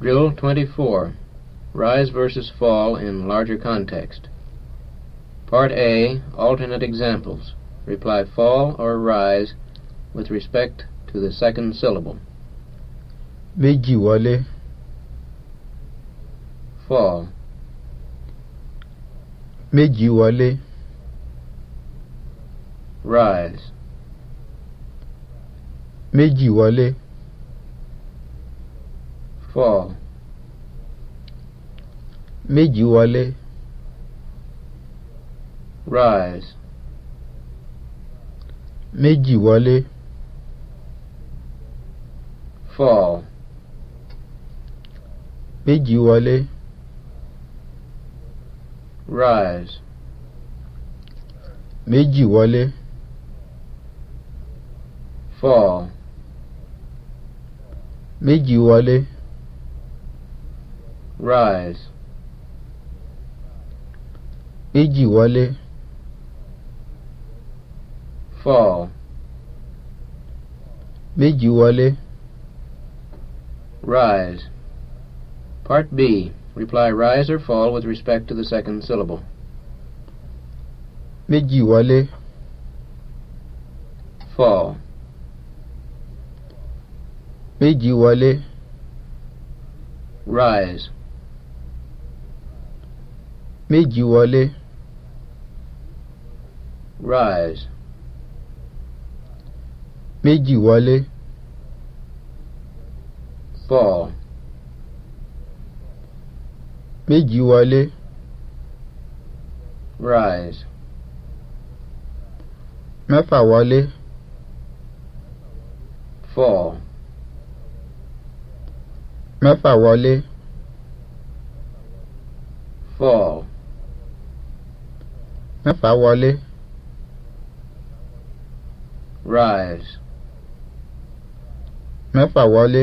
Drill 24 Rise versus Fall in Larger Context. Part A Alternate Examples. Reply fall or rise with respect to the second syllable. Mejiwale. Fall. Mejiwale. Rise. Mejiwale. four méjì wọlé rise méjì wọlé four méjì wọlé rise méjì wọlé four méjì wọlé. Rise. Iji wale. Fall. Meji wale. Rise. Part B. Reply rise or fall with respect to the second syllable. Meji wale. Fall. Meji wale. Rise. méjì wọlé. rise. méjì wọlé. fall. méjì wọlé. rise. mẹ́fà wọlé. fall. mẹ́fà wọlé. fall mẹ́fà wọlé. rise. mẹ́fà wọlé.